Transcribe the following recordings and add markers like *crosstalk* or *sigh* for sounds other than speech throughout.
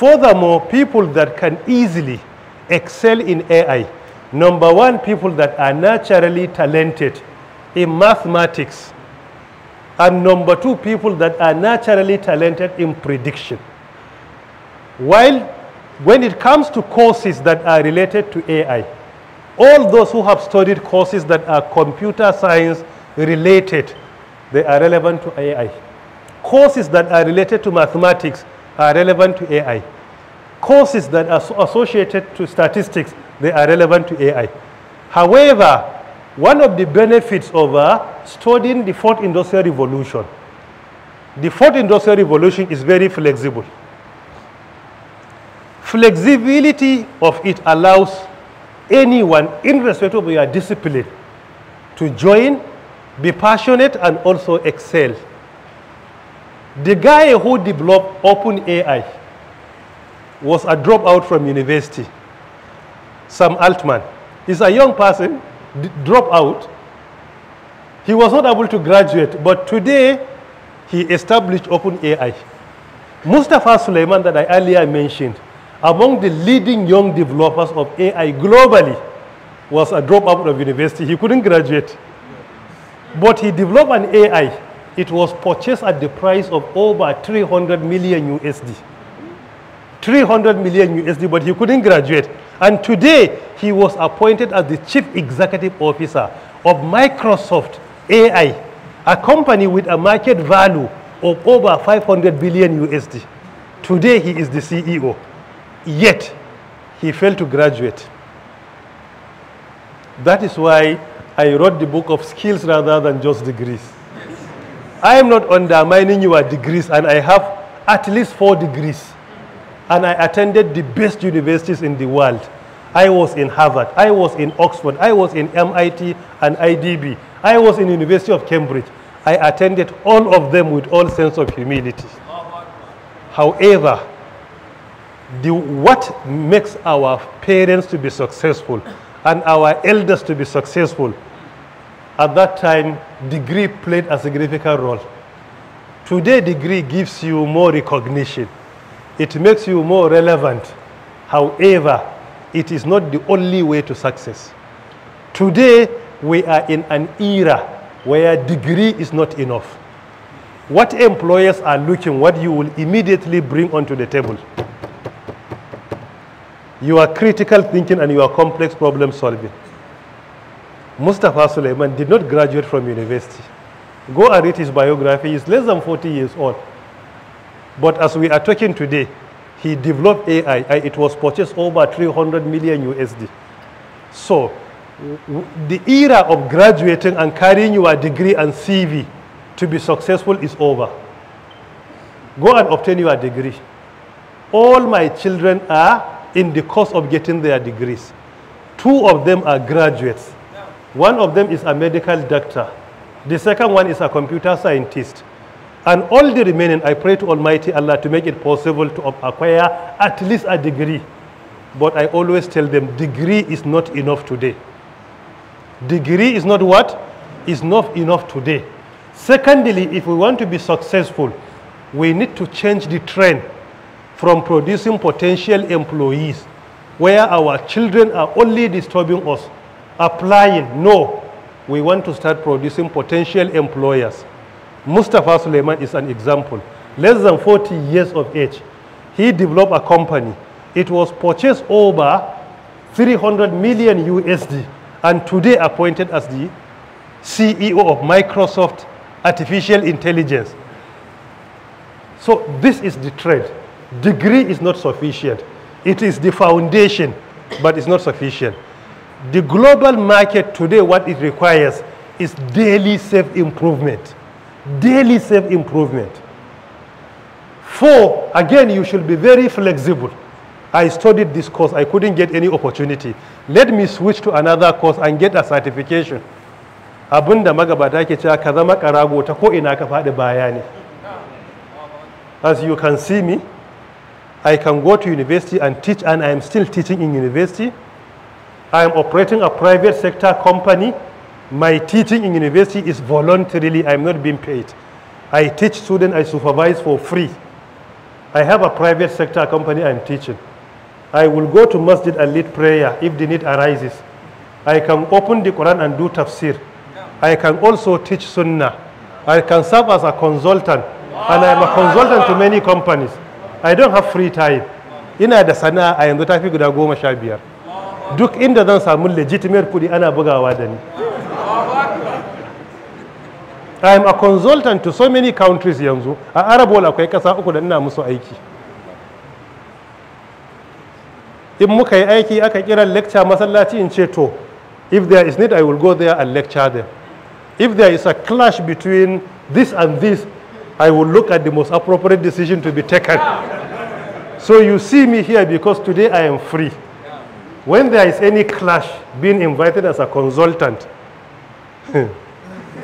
Furthermore, people that can easily excel in AI. Number one, people that are naturally talented in mathematics. And number two, people that are naturally talented in prediction. While when it comes to courses that are related to AI, all those who have studied courses that are computer science related, they are relevant to AI. Courses that are related to mathematics, are relevant to AI. Courses that are associated to statistics, they are relevant to AI. However, one of the benefits of uh, studying the fourth industrial revolution, the fourth industrial revolution is very flexible. Flexibility of it allows anyone, irrespective of your discipline, to join, be passionate, and also excel. The guy who developed OpenAI was a dropout from university, Sam Altman. He's a young person, dropout. He was not able to graduate, but today he established OpenAI. Mustafa Suleiman that I earlier mentioned, among the leading young developers of AI globally, was a dropout of university. He couldn't graduate. But he developed an AI it was purchased at the price of over 300 million USD. 300 million USD, but he couldn't graduate. And today, he was appointed as the chief executive officer of Microsoft AI, a company with a market value of over 500 billion USD. Today, he is the CEO. Yet, he failed to graduate. That is why I wrote the book of skills rather than just degrees. I am not undermining your degrees, and I have at least four degrees. And I attended the best universities in the world. I was in Harvard, I was in Oxford, I was in MIT and IDB, I was in University of Cambridge. I attended all of them with all sense of humility. However, the, what makes our parents to be successful and our elders to be successful at that time, degree played a significant role. Today, degree gives you more recognition. It makes you more relevant. However, it is not the only way to success. Today, we are in an era where degree is not enough. What employers are looking, what you will immediately bring onto the table. Your critical thinking and your complex problem solving. Mustafa Suleiman did not graduate from university. Go and read his biography. He's less than 40 years old. But as we are talking today, he developed AI. It was purchased over 300 million USD. So the era of graduating and carrying your degree and CV to be successful is over. Go and obtain your degree. All my children are in the course of getting their degrees. Two of them are graduates. One of them is a medical doctor. The second one is a computer scientist. And all the remaining, I pray to Almighty Allah to make it possible to acquire at least a degree. But I always tell them, degree is not enough today. Degree is not what? Is not enough today. Secondly, if we want to be successful, we need to change the trend from producing potential employees where our children are only disturbing us applying. No, we want to start producing potential employers. Mustafa Suleiman is an example. Less than 40 years of age, he developed a company. It was purchased over 300 million USD and today appointed as the CEO of Microsoft Artificial Intelligence. So this is the trend. Degree is not sufficient. It is the foundation, but it's not sufficient. The global market today, what it requires is daily self-improvement. Daily self-improvement. Four, again, you should be very flexible. I studied this course. I couldn't get any opportunity. Let me switch to another course and get a certification. magabata karago As you can see me, I can go to university and teach and I am still teaching in university. I am operating a private sector company. My teaching in university is voluntarily. I'm not being paid. I teach students, I supervise for free. I have a private sector company I'm teaching. I will go to masjid and lead prayer if the need arises. I can open the Quran and do tafsir. I can also teach sunnah. I can serve as a consultant. And I'm a consultant to many companies. I don't have free time. Ina I am the type tafi guda goma sha biyar. duk inda zan samu legitimate kuɗi ana bugawa da ni I am a consultant to so many countries yanzu a Arab world akwai ƙasa uku da ina musu aiki in muka yi aiki aka kiran lecture masallaci in ce to if there is need I will go there and lecture them if there is a clash between this and this I will look at the most appropriate decision to be taken so you see me here because today I am free when there is any clash being invited as a consultant, *laughs* you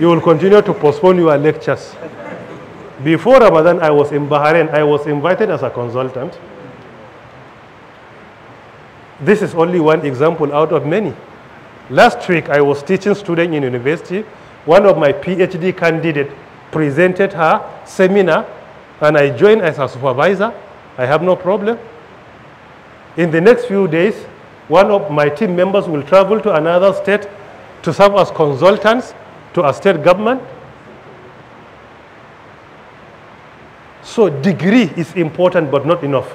will continue to postpone your lectures. Before Ramadan, I was in Bahrain. I was invited as a consultant. This is only one example out of many. Last week, I was teaching students in university. One of my PhD candidates presented her seminar, and I joined as a supervisor. I have no problem. In the next few days, one of my team members will travel to another state to serve as consultants to a state government. So degree is important but not enough.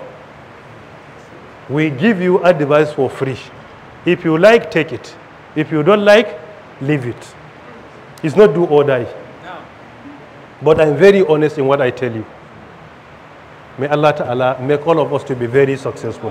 We give you advice for free. If you like, take it. If you don't like, leave it. It's not do or die. No. But I'm very honest in what I tell you. May Allah Ta'ala make all of us to be very successful.